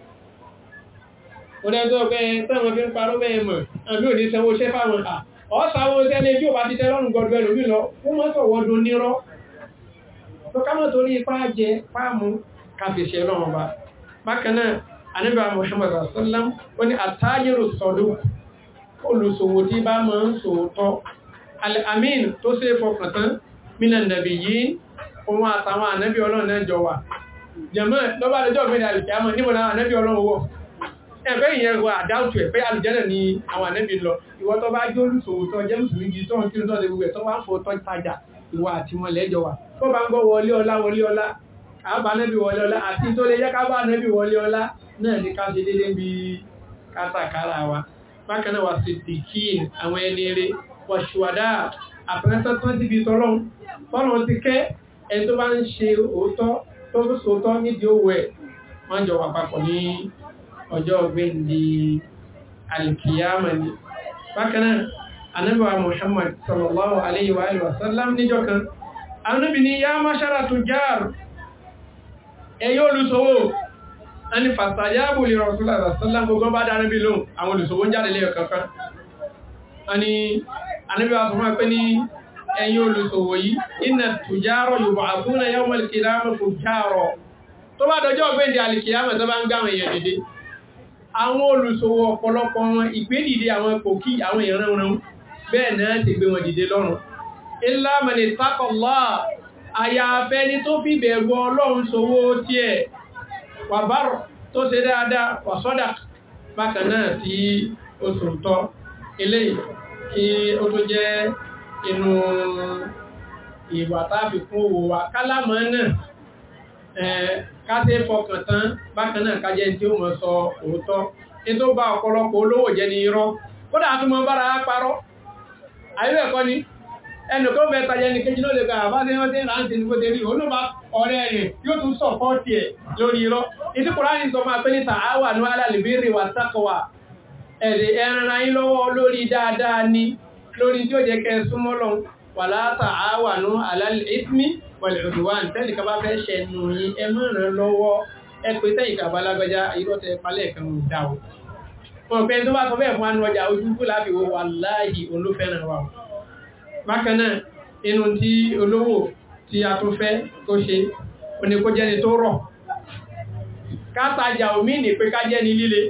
A: onídọ́jọ́ pé táwọn fi ń parọ́ bẹ́ẹ̀ mọ̀ àbí ò ní sanwó iṣẹ́ fáwọn à ọ̀sáwó iṣẹ́ ní bí ò bá ti tẹ́ lọ́rùn gọdọ̀ ẹlòmí lọ ó mọ́ sọ̀wọ́ do nírọ́ tó kámọ́ torí ipá jẹ páàmù káfíṣẹ́ náà bá olùsòwò tí bá mọ́ ń sòótọ́ al-amin tó ṣe fọkàntán mina nàbì yìí òun àtàwọn ànábì ọlọ́run náà jọ wà jẹ̀mọ́ lọ́bàá lọ́jọ́ mẹ́rin àlùkẹ́ àmọ́ ọlọ́run wọ̀ ẹ̀fẹ́ ìyẹn wà àdáùtù ẹ̀fẹ́ alùjẹ́lẹ̀ ni àwọn ànẹ́bí lọ ìwọ tó bá jó lùsòwò tó jẹ́ lùsòwò ìjì tó ń kí lùsòwò ìwẹ̀ tó wá ń fò tó tajà ìwà àti wọn lẹ́jọ wà tó bá ń gbọ́ wọlé ọlá wọlé ọlá àbá ànẹ́bí wọlé ọlá àti tó lè jẹ́ ká bá ànẹ́bí wọlé ọlá náà ní ká ṣe déédéé bí kátàkárà wa bákan náà wà sí dìkín àwọn ẹni eré wà ṣùwádà àpẹẹsẹ tó ti fi tọlọ́run tọlọ́run ti kẹ́ ẹni tó ọjọ́ gbíndì alkiyama ni bákanáà anábíwa muhammad sallallahu alaihi wa alihi wasallam níjọ́ kan anábí ni ya mashara tujar ẹyọ olùsowó ẹni fàtàyàbò lè rọ̀sùlá sallam gbogbo bá dára bí lóhun àwọn olùsowó jáde lẹ́yọ kankan ẹni anábíwa sọ fún ẹni ẹyọ olùsowó yìí iná tujárọ̀ yóò àfúnà yawmal qiyamah fujárọ̀ tó bá dọjọ́ ọ̀gbẹ́ndì alìkìyàmọ̀ tó bá ń gáwọn èèyàn dédé àwọn olùṣòwò ọ̀pọ̀lọpọ̀ wọn ìgbédìde àwọn pòkí àwọn ìrànràn bẹ́ẹ̀ náà ti gbé wọn dìde lọ́rùn ilá mẹ́lẹ̀ tákọ̀lá àyàfẹ́ ni tó fi bẹ̀rù ọlọ́run ṣòwò tí ẹ̀ wàbárọ̀ tó ṣe dáadáa wàsọ́dà bákan náà tí ó sòótọ́ eléyìí kí ó tó jẹ́ inú ìwà táàfikún òwò wa kálámọ́ náà kátẹ́ fọkàn tán bákan náà kájẹ́ tí ó mọ̀ sọ òótọ́ tí tó bá ọ̀pọ̀lọpọ̀ olówó jẹ́ ní irọ́ kó dáa tó mọ́ bára parọ́ ayébẹ̀kọ́ ni ẹnùkọ́ mẹ́tajẹ́ ní kejì náà lè gbà àbájẹ́ wọ́n tí ó jẹ́ kẹ́ súnmọ́ lọ́wọ́ wàlá tààwànú alálìísmi wàlìrùdùwàn tẹ́nìkan bá fẹ́ ṣe nù yí ẹmọ́ràn lọ́wọ́ ẹpẹ́ tẹ́yìnkà balagbẹ́já ìrọ́tẹ̀ palẹ̀ kan dáwò ọ̀pẹ́ tó bá wa bákan náà inú tí olówó tí a tó fẹ́ tó ṣe oníkójẹ́ni tó rọ̀ kátajà omi ní pé kájẹ́ni líle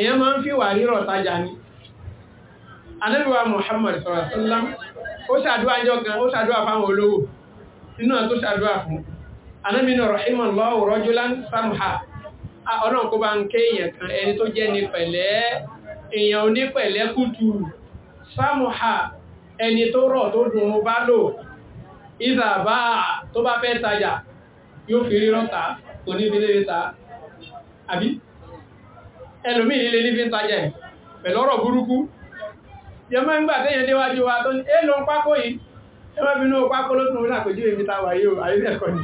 A: èèyàn máa anábíwá Muhammad sọ̀rọ̀sọ́lá ó ṣàdúwà jọ kan ó ṣàdúwà fáwọn olówó inú tó ṣàdúwà fún anábínà rahiman lọ́wọ́ rọ́júlán samha ọ̀nà kó bá ń ké èèyàn kan ẹni tó jẹ́ ní pẹ̀lẹ́ èèyàn oní pẹ̀lẹ́ kùtù samha ẹni tó rọ̀ tó dùn mú bá lò ìzàbá tó bá fẹ́ tajà yóò fi rí rọ́ta kò ní fi lè ta àbí ẹlòmí ilé ní fi ń burúkú jẹmọ́ ń gbà tẹ́yẹn déwájú wa tó ní èlò ń pákó yìí ẹmọ́ bí inú pákó ló tún sàkójú èmi táwà yóò ayébẹ̀kọ́ ni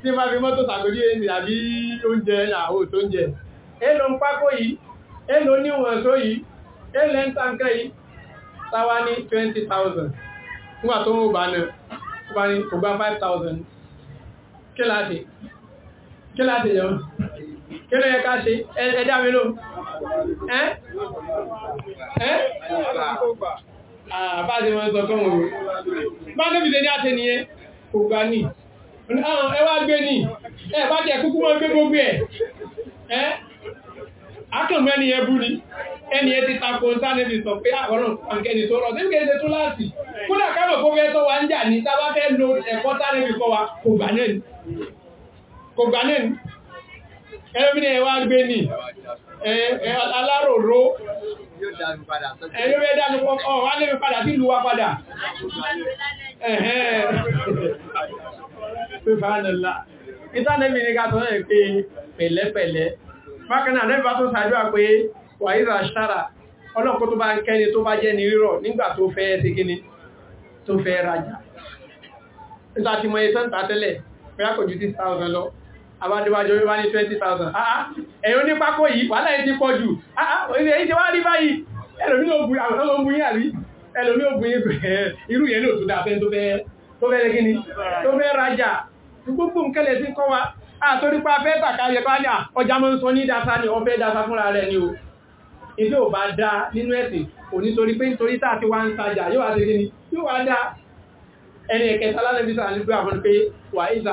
A: tí ma fi mọ́tò sàkójú èmi àbí oúnjẹ àwò tó ń jẹ èlò ń pákó yìí èlò níwọ̀n tó yìí èlò ń tànkẹ́ yìí táwà ní 20,000 nígbà tó ń bá bá àbáṣe ah, wọn sọ fún òun bá níbi ṣe ní àṣẹ nìyẹn kò gbà ní ah, ẹwà gbé ní ẹ bá jẹ kúkú mọ́ gbé gbogbo ẹ̀ akẹ́mọ́ ẹni ẹbú ni ẹni ẹ ti tako sáàlẹ́bì sọ pé àwọ̀ràn ah, àǹkẹ́ni tó rọ̀ síbí kẹ́ẹ̀ẹ́ tó láti kúrò àkámọ̀ kó fẹ́ tọ́ wa ń jà ní tábá fẹ́ lo ẹ̀kọ́ sáàlẹ́bì kọ́ wa kò gbà náà ni ẹ̀mìnà ẹ̀wà gbé ní aláròró ẹ̀yọ́bẹ̀ dánú pọ́pọ́ wà lè padà sí ìlú wa padà ẹ̀hẹ́n pé pẹ̀lẹ́pẹ̀lẹ́ nẹ́bà tó sàájúwà pé wà ìrà ṣára ọlọ́pọ̀ tó bá ń kẹ́ni tó bá jẹ́ ní rírọ̀ nígbà tó fẹ́ tó fẹ́ ìtàntàtẹ́lẹ̀ 6,000 àbádíwájú orí wá ní 20,000 ẹ̀yọ́ ní pákó yìí wà láì ti pọ̀ jù èyí ah, ah, ti wá rí báyìí ẹlòmí ògùn àrí ẹlòmí ògùn irú yẹn ló tún dá fẹ́ tó fẹ́ lẹ́gíní tó fẹ́ rajà gbogbo nkẹ́lẹ̀ sí kọ́ wa àtorípa fẹ́ tàkàyẹ bá ní ọjà mọ́ ń sọ ní dáta ní ọfẹ́ dáta o ilé ò bá dá nínú ẹ̀sìn kò nítorí pé nítorí tàà tí wá ń tajà yóò wá ti gíní yóò wá dá ẹni ẹ̀kẹta lálẹ́bísà nígbà àwọn pé wà ìzà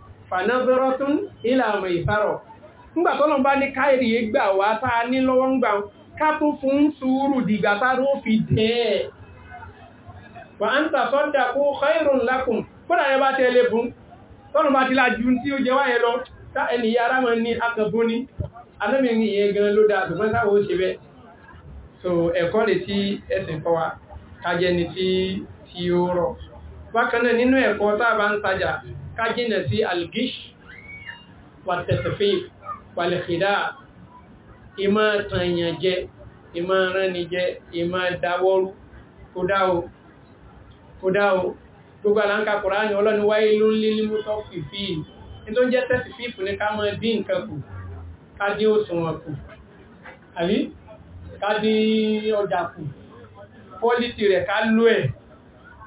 A: fànàbẹ́rọ́tún ìlànà ìsárọ̀ ńgbà tọ́lọ̀ bá ní káìrì gbà wá tá a ní lọ́wọ́ ń gbà ká tó fún sùúrù dìgbà táró fi dẹ́ ẹ̀ wà á ń tàṣọ́dà kó khairun lakum kódà ẹ bá tẹ́lẹ̀ fún tọ́lọ̀ bá ti lájú tí ó jẹ wáyẹ lọ tá so ẹ̀kọ́ lè tí ẹsìn kọ́ wa kájẹ́ ni tí ó nínú ẹ̀kọ́ tá ń tajà ká jìnà sí algish wàtẹ̀tẹ̀fẹ́ wàlẹ̀kìdá ìmọ̀ tàyàn jẹ ìmọ̀ ránni jẹ ìmọ̀ dáwọ́rú kódá o gbogbo aláǹkà kòránì ọlọ́ni wáyé ló ń lé límútọ́ fìfì ní tó jẹ́ tẹ́sì fífù ní ká mọ́ dín nǹkan kù ká dín òṣùwọ̀n kù àbí ká dín ọjà kù pọ́lítì rẹ̀ ká lú ẹ̀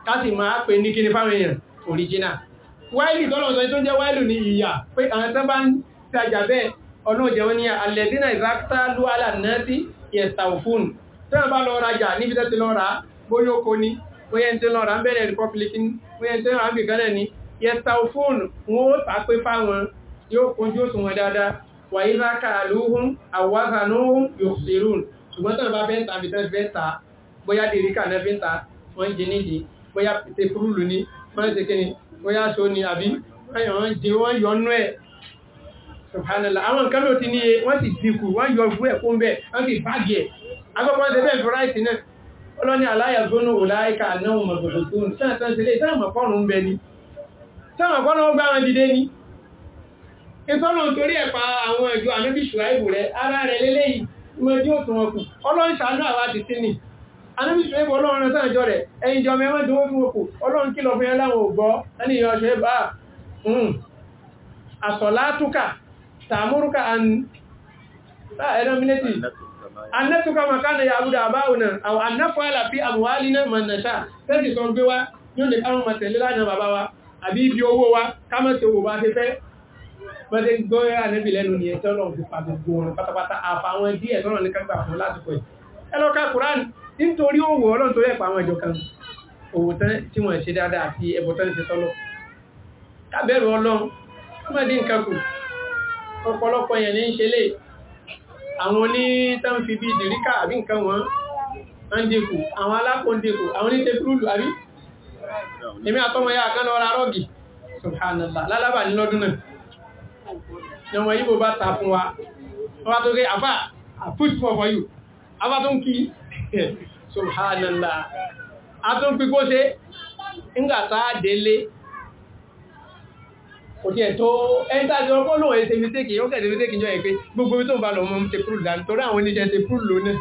A: ká sì máa pè ní kíní fáwọn èèyàn original wáìlì tọ́lọ̀ sọ tó ń jẹ́ wáìlì ní ìyà pé àwọn tán bá ń tajà bẹ́ẹ̀ ọ̀nà òjẹ̀ wọn ni alẹ́dínà ìzáktà lúwàlà náà sí yẹ̀stàfún tí wọ́n bá lọ rajà níbi tẹ́tí lọ ra bóyá ni bóyá ń tẹ́ lọ ra ń bẹ̀rẹ̀ republic ni bóyá ń ni yẹ̀stàfún wọn ó tà pé fáwọn yóò kojú òṣùwọ̀n dáadáa wà ìzáka àlúhùn àwázanúhùn yóò ṣerún ṣùgbọ́n tọ́nà bá fẹ́ ń ta àbí tẹ́lẹ̀ fẹ́ náà fi ń ta wọ́n jẹ nídìí bóyá tẹ́púrúlù ni wọ́n ṣe kí ni bóyá so ni àbí wọ́n jẹ wọ́n yọnú ẹ̀ subhanallah àwọn nǹkan ló ti níye wọ́n sì dínkù wọ́n yọ ìwú ẹ̀kú ń bẹ̀ wọ́n sì báàgì ẹ̀ agbọ́pọ̀ ṣe bẹ́ẹ̀ fúráìtì náà ọlọ́ni aláyà gbónú òláìka náà mọ̀gbọ̀gbọ̀ tó ń sáà tán sílé táàmà pọ́nù ń bẹ ni táàmà pọ́nù ń gbá wọn dìde ni ìtọ́nà torí ẹ̀pa àwọn ẹ̀jọ́ anábìsọ̀ ẹbọ̀ ọlọ́run sáà jọ rẹ̀ ẹ̀yìn jọ mẹ́wọ́n tó wọ́n fún òkú ọlọ́run kìlọ̀ fún ẹláwọn ògbọ́ ẹni ìyọ̀ṣọ́ ẹbà àsọ̀látúkà makánà ya abúdà àbáwọ̀nà àwọn annẹ́fọ́ẹ́lá fi àmúwálí náà mọ̀ nàṣà tẹ́sì sọ gbé wá yóò lè kárùn màtẹ̀lé lánàá bàbá wa àbí ibi owó wa kámẹ́sì owó bá ti fẹ́ bọ́dé gbọ́rẹ́ ànẹ́bì lẹ́nu ni ẹ̀tọ́lọ̀ fi pàgbogbo wọn nítorí òwò ọlọ́run torí ẹ̀pà àwọn ìjọ kan òwò tí wọ́n ṣe dáadáa àti ẹbọ tán ṣe sọ́lọ̀ kábẹ̀rù ọlọ́run mọ́dí nǹkan kù ọ̀pọ̀lọpọ̀ yẹn ní ń ṣe lè àwọn ní tán fi bí dìríkà àbí nǹkan wọn ń dínkù àwọn alákòó ń àwọn ní tepurulu àbí èmi àtọmọ ya kan lọ ra rọ́ọ̀gì subhanallah lálábà ní lọ́dún náà
B: yọmọ yíbo bá ta fún wa wọ́n
A: wá tó subhanallah a tún pípó ṣe ńgbàtà délé kò tí ẹ̀ tó ẹ́ntà tí ọkọ́ lóòrùn ẹ̀ ṣe mistake ó kẹ̀ẹ̀ṣe mistake jọ ẹ̀ pé gbogbo tó ń bá lọ mọ́ ṣe prúlù dání torí àwọn oníṣẹ́ ṣe prúlù lónìí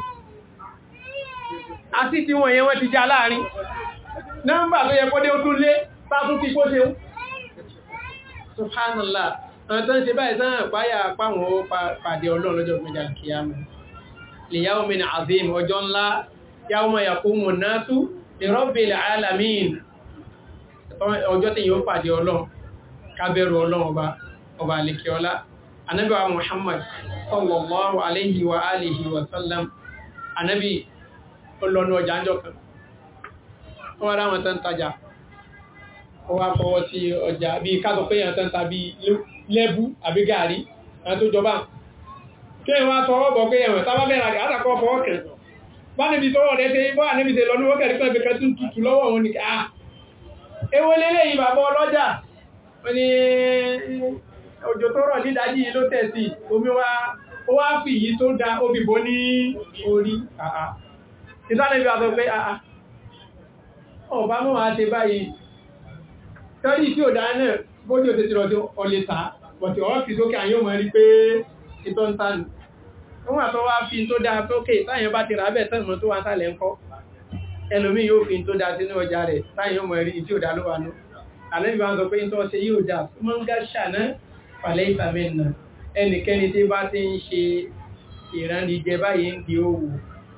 A: àti tí wọ́n yẹn wọ́n ti já láàrin nọ́mbà tó subhanallah ọ̀tọ́ ń ṣe báyìí sáà páyà páwọn pàdé ọlọ́run lọ́jọ́ li yawmin azim ọjọ́ ńlá yawma yaqumu an-nasu li rabbil alamin ọjọ́ tí yóò pàdé ọlọ́run kábẹ̀rù ọlọ́run ọba ọba àlekẹ́ọlá anábíwa muhammad sallallahu alayhi wa alihi wa sallam anábí ọlọ́nu ọjà ńjọ kan wọ́n wá ráwọn tán tajà wọ́n wá fọwọ́ sí ọjà bí kásọ̀ pé yàn tán tàbí lẹ́bú àbí gàrí àwọn tó jọba kí a tọ bọ̀ pé ẹ̀wọ̀n tábà bẹ̀rẹ̀ àgbà àtàkọ́ fọwọ́ bá níbi tọwọ́ rẹ̀ ṣe bá lọ ní wọ́kẹ̀ nípa tún tutù lọ́wọ́ òun ni ká ah. ewé lélẹ̀ yìí bàbá ọlọ́jà ní tó rọ̀ dídájí ló tẹ̀sí omi ó wá fi yìí tó da ní orí àtọ́ ah, ah. pé ìtọ́ ń sáàlù wọ́n àtọ́ wá fi tó dáa sókè táyẹ̀ bá ti rábẹ̀ tẹ́mọ̀ tó wá sálẹ̀ ń kọ́ ẹlòmí yóò fi tó dáa sínú ọjà rẹ̀ táyẹ̀ mọ̀ rí tí ó dá ló wà ní àlẹ́bí bá ń sọ pé ń tọ́ ṣe yóò dá mọ́ ń gá ṣàná pàlẹ́ ìsàmìnà ẹnikẹ́ni tí bá ti ń ṣe ìrànlẹ́jẹ báyìí ń di owó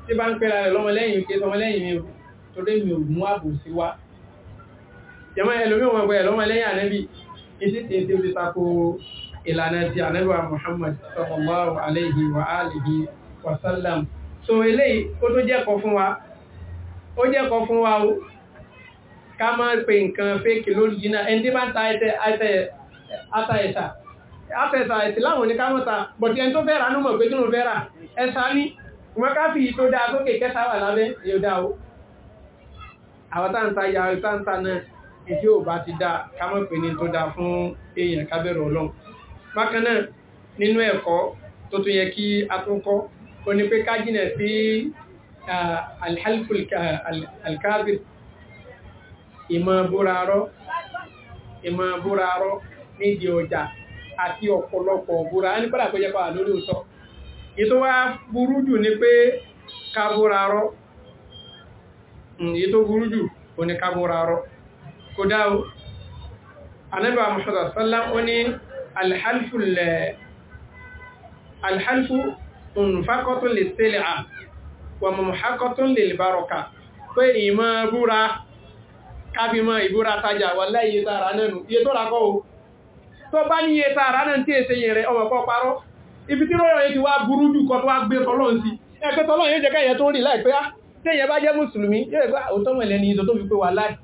A: tí bá ń pẹ́ra rẹ̀ lọ́mọlẹ́yìn ké sọmọlẹ́yìn mi torí mi ò mú àbò sí wá jẹmọ́ ẹlòmí wọn pẹ̀ lọ́mọlẹ́yìn ànẹ́bì ìsìtì tí ó ti tako ìlànà ti ànábìwá Muhammad sallallahu alayhi wa alihi wa sallam so eléyìí ó tó jẹ́ kọ́ fún wa ó jẹ́ kọ́ fún wa o ká máa pe nǹkan fake lóríjìnà ẹni tí bá ń ta àtẹ̀ẹ̀sà àtẹ̀ẹ̀sà ẹ̀sì láwọn oníkámọ́ta bọ̀tí ẹni tó fẹ́ rà númọ̀ pé tí wọ́n fẹ́ rà ẹ̀sà ní mọ́káfí tó dáa tó kèkẹ́ sáwà lábẹ́ yóò dáa o àwọn táǹtà ya táǹtà náà ìdí ò bá ti dáa ká má pè ní tó dáa fún èèyàn kábẹ̀rẹ̀ ọlọ́run bákan náà nínú ẹ̀kọ́ tó tún yẹ kí a tún kọ́ ó ní pé ká jìnà sí alhalful alkazib ìmọ̀ búrarọ́ ìmọ̀ búrarọ́ nídìí ọjà àti ọ̀pọ̀lọpọ̀ búra ní padà kó jẹ́ pàwà lórí òtọ́ ètò wá burú jù ní pé ká búrarọ́ hmm, ètò burú jù ó ní ká búrarọ́ kódà o anábà mọ̀ṣọ́dà sálá ó ní alhalfu alhalfu nfakọ́tún lè tẹ́lẹ̀ à wà mọ̀mọ̀hákọ́tún lè bárọ̀ka pé ìmọ̀ búra káfí mọ́ ìbúra tajà wà láyé tààrà nẹ́nu iye tó rákọ́ o tó bá ní iye tààrà nẹ́nu tí èsè yẹn rẹ̀ ọmọkọ́ parọ́ ibi tí rọ́rọ̀ yẹn ti wá burú jù kọ́ tó wá gbé tọ́lọ́n sí ẹgbẹ́ tọ́lọ́n yẹn jẹ́kẹ́ yẹn tó rí láìpẹ́ á ah, tẹ́yẹn bá jẹ́ mùsùlùmí yẹ́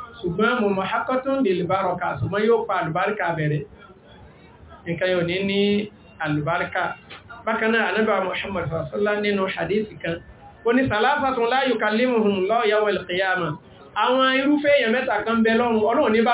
A: ṣùgbọ́n mo mọ̀ hakọ́tún lè lùbárọ̀ká ṣùgbọ́n yóò fa alùbáríkà bẹ̀rẹ̀ nǹkan yóò ní ní alùbáríkà bákanáà anábà Muhammad sọ́lá nínú hadisi kan ó ní sàlásàtún la yukallimuhum Allahu yawmal qiyamah àwọn irúfẹ́ èèyàn mẹ́ta kan bẹ lọ́run ọlọ́run ní bá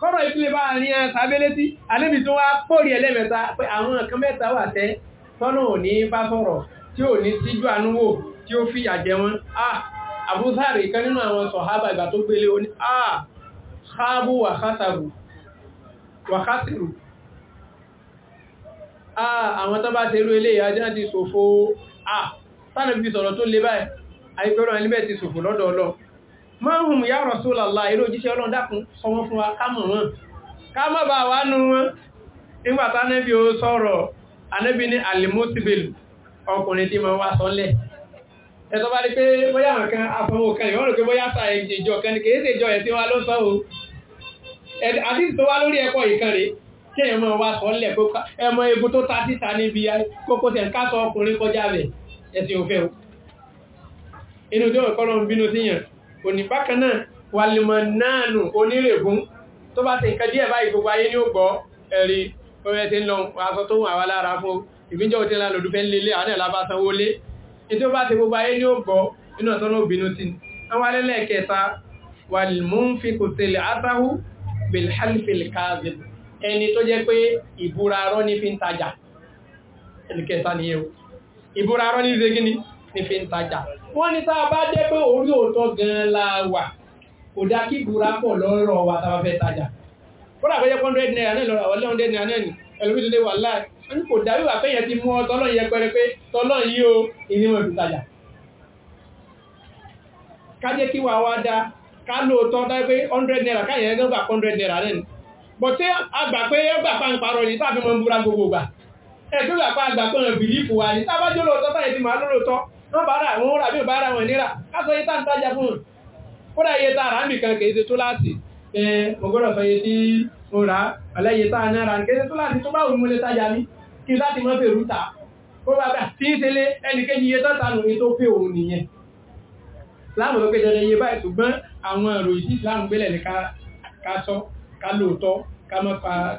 A: kọ́rọ̀ ìpínlẹ̀ bá rí ẹn sàbẹ́létí alẹ́bì tó wá pòrí ẹlẹ́mẹ̀ta pé àwọn nǹkan mẹ́ta wà tẹ́ tọ́nà ò ní bá sọ̀rọ̀ tí ò ní síjú ànúwò tí ó fi àjẹ wọn àbúzárì kan nínú àwọn sọ̀hábà ìgbà tó gbélé oní ààbù wàkásìrù àwọn tó bá ti rú ilé ajá ti sòfò àà sánàbí sọ̀rọ̀ tó lé báyìí àìpẹ́rọ̀ ẹlẹ́bẹ̀ ti sòfò lọ́dọ̀ ọlọ́ọ̀ máa hùn yá Rasulullah irú òjíṣẹ́ ọlọ́run dákun sọ wọ́n fún wa ká mọ̀ wọn ká má bá wà nú wọn nígbàtá anẹ́bí ó sọ̀rọ̀ anẹ́bí ní alimotibil ọkùnrin tí ma wá sọ́lẹ̀ ẹ̀tọ́ bá rí pé bóyá nǹkan afọ́mọ́ kan ìwọ́n rò pé bóyá sa ìjọ kan ní kèése ìjọ ẹ̀ tí wá ló sọ o àti tó wá lórí ẹ̀kọ́ ìkan rẹ̀ kí èèyàn mọ̀ wá sọ́lẹ̀ ẹmọ egun tó ta títa níbi kókó tẹ̀ ká sọ òní bákan náà wàlìmọ̀ náànù onírègún tó bá ti nǹkan díẹ̀ báyìí gbogbo ayé ní ó gbọ́ ẹ̀rí orí ẹ̀tí ń lọ aṣọ tó wà wá lára fún ìbíjọ́ tí ń lọ lùfẹ́ lélé àánà lábá sanwó lé ètò bá ti gbogbo ayé ní ó gbọ́ inú ọ̀tọ́ náà bínú ti àwọn ìbúra rọ́ ní fi ń tajà wọ́n ní sáà bá jẹ́ pé orí òótọ́ gan-an la wà kò dá kí ìbúra pọ̀ lọ́rọ̀ wa tá a fẹ́ tajà kódà fẹ́ jẹ́ hundred naira náà lọ́rọ̀ àwọn hundred naira náà ni ẹlòmí tó lè wà láì wọ́n kò dá wíwà pé yẹn ti mú ọ tọ́lọ́n yẹ pẹrẹ pé o ìní wọn fi tajà ká jẹ́ kí wà wá dá ká lóòótọ́ dá pé hundred naira káyẹn ẹgbẹ́ gbà hundred naira náà ni bọ̀ tí a gbà pé ẹgbà pa ń parọ́ ni táàbí mọ́ ń búra gbogbo gbà ẹgbẹ́ gbà pa àgbà pé ọ̀nà bìlífù wa ni tábájọ́ lóòótọ́ táyẹ̀ ti wọ́n bá rà wọ́n rà bí bá rà wọ́n nírà kásọ yí tàn tájá fún ó rà iye tàn rà ń bìkan kèése tó láti ẹ ọgọ́rọ̀ sọ iye tí ó rà alẹ́yẹ tàn náà rà kèése tó láti tó bá wù múlé tájá mi kí láti mọ́ fèrú ta ó bá bá tí ń tẹ́lé ẹnikẹ́ni iye tàn tàn ní tó pé òun nìyẹn láàmù ló pé dandan iye báyìí ṣùgbọ́n àwọn ìròyìn tí ìsìláàmù gbélẹ̀ ní ká sọ ká lóòótọ́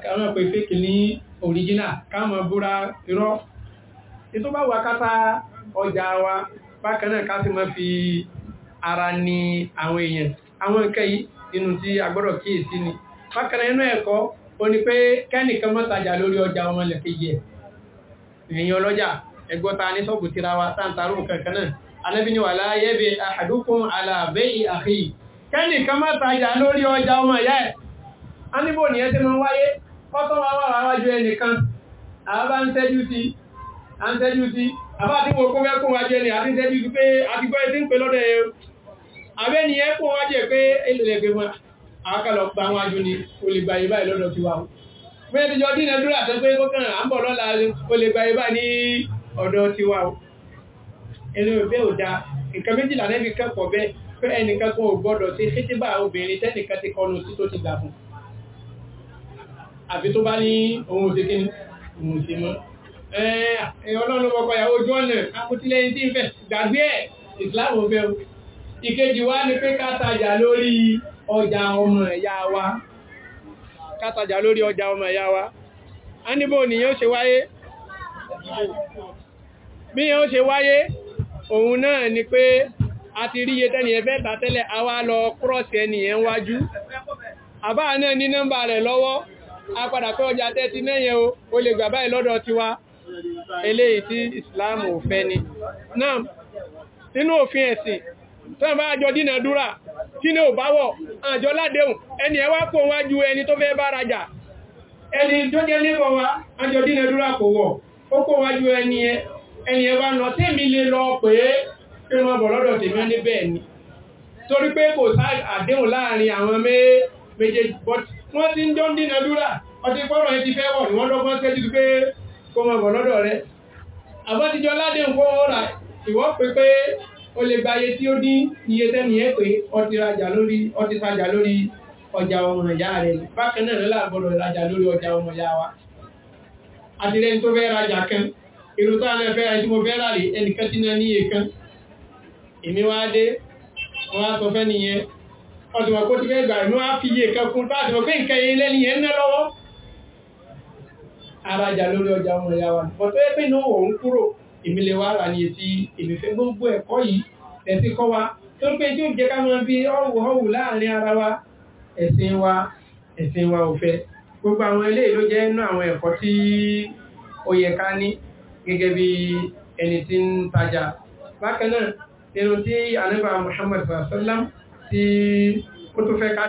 A: ká mọ́ pé ní ọjà wa bákan náà ká sì mọ́ fi ara ní àwọn èèyàn àwọn nǹkan yìí nínú tí a gbọ́dọ̀ kíyèsí ni bákan náà inú ẹ̀kọ́ ó ní pé kẹ́nìkan mọ́ tajà lórí ọjà ọmọ ilẹ̀ kejì ẹ̀ ẹ̀yin ọlọ́jà ẹgbọ́ ta ní sọ́ọ̀bù tira wa táǹtarú kankan náà alẹ́bí ni wà láyé bí ahadukum ala bay'i akhi kẹ́nìkan mọ́ tajà lórí ọjà ọmọ ìyá ẹ̀ aníbò nìyẹn ti mọ́ wáyé kọ́tọ́ wa wà wájú ẹnìkan àbá ń tẹ́jú sí i à ń tẹ́jú sí àbá tí mo kó mẹ́kún wájẹ ni àti tẹ́jú sí pé àtìgbọ́ ẹ̀sí ń pè lọ́dẹ̀ ẹ̀ abẹ́ ni ẹkùn wájẹ pé èlèlè pé wọn àwákàlọ̀ pa wọn ajú ni o lè gbàyè báyìí lọ́dọ̀ ti wà mẹ́rin ti jọ dínà dúrà tẹ́ pé kókàn à o lè gbàyè báyìí ní ọ̀dọ̀ ti wà ẹni ò bẹ́ ò da nǹkan méjìlá nẹ́bí kẹ́kọ̀ọ́ bẹ́ pé ẹnìkan kan ò gbọ́dọ̀ sí ṣítíbà obìnrin tẹ́nìkan ti kọnu sí tó ti gbà fún àfi tó bá ní ohun òṣèkín ohun òṣèmọ́ Eh, ọlọ́run ló kọ́kọ́ ìyàwó ojú ọ̀nà kápútílẹ̀ ní tí ń fẹ́ gbàgbé ẹ̀ ìsìláàmù fẹ́ o ìkejì wá ní pé kátàjà lórí ọjà ọmọ ẹ̀yà wa kátàjà lórí ọjà ọmọ ẹ̀yà wa a níbò ní yóò ṣe wáyé bí yóò ṣe wáyé lọ wájú àbá náà ní nọ́mbà rẹ̀ lọ́wọ́ a padà pé ọjà o lè gbà báyìí lọ́dọ̀ tiwa eléyìí tí islam ò fẹ́ ni náà nínú òfin ẹ̀sìn tán bá àjọ dínàdúrà tí ní ò bá àjọ ládéhùn ẹni ẹwà kò wájú ẹni tó fẹ́ bá rajà ẹni tó jẹ́ lébọ̀ wa àjọ dínàdúrà kò wọ̀ ó kò wájú ẹni ẹni ẹwà lọ tẹ́mi lè lọ pé ni torí pé kò sá àdéhùn láàrin àwọn méjèèjì wọ́n ti ń jọ ẹ ti fẹ́ wọ̀ ni wọ́n lọ́gbọ́n sẹ́jú kó máa bọ̀ lọ́dọ̀ rẹ àbọ̀tijọ́ ládéhùn kó ọ̀rà ìwọ́ pé pé o lè gba iye tí ó dín iye tẹ́ni yẹn pé ọtí rajà lórí ọtí tajà lórí ọjà ọmọ ìyá rẹ bákan náà lọ́la gbọ́dọ̀ rajà lórí ọjà ọmọ ìyá wa àtìlẹ́yìn tó fẹ́ rajà kan èrò tó àná fẹ́ àìsí mo fẹ́ ràrí ẹnìkan tí náà níye kan èmi wá dé wọ́n á sọ fẹ́ nìyẹn ọdún ọkọ̀ tí fẹ́ gbà ní wọ́n á fi iye kan kún láti mọ̀ pé nǹkan yẹn lẹ́nìyẹn ń ná lọ́wọ́ arajà lórí ọjà ọmọ ìyá wa nìkan tó yẹ pé náà òun kúrò èmi lè wá rà ní etí èmi fẹ́ gbogbo ẹ̀kọ́ yìí ẹ̀sìn kọ́ wa tó ń pè tí ó jẹ́ ká máa bí ọ̀wù ọ̀wù láàrin ara wa ẹ̀sìn wa ẹ̀sìn wa ò fẹ́ gbogbo àwọn eléyìí ló jẹ́ inú àwọn ẹ̀kọ́ tí ó yẹ ká ní gẹ́gẹ́ bí ẹni tí ń tajà bákan náà nínú tí anábà Muhammad sallam tí
B: ó tó fẹ́ ká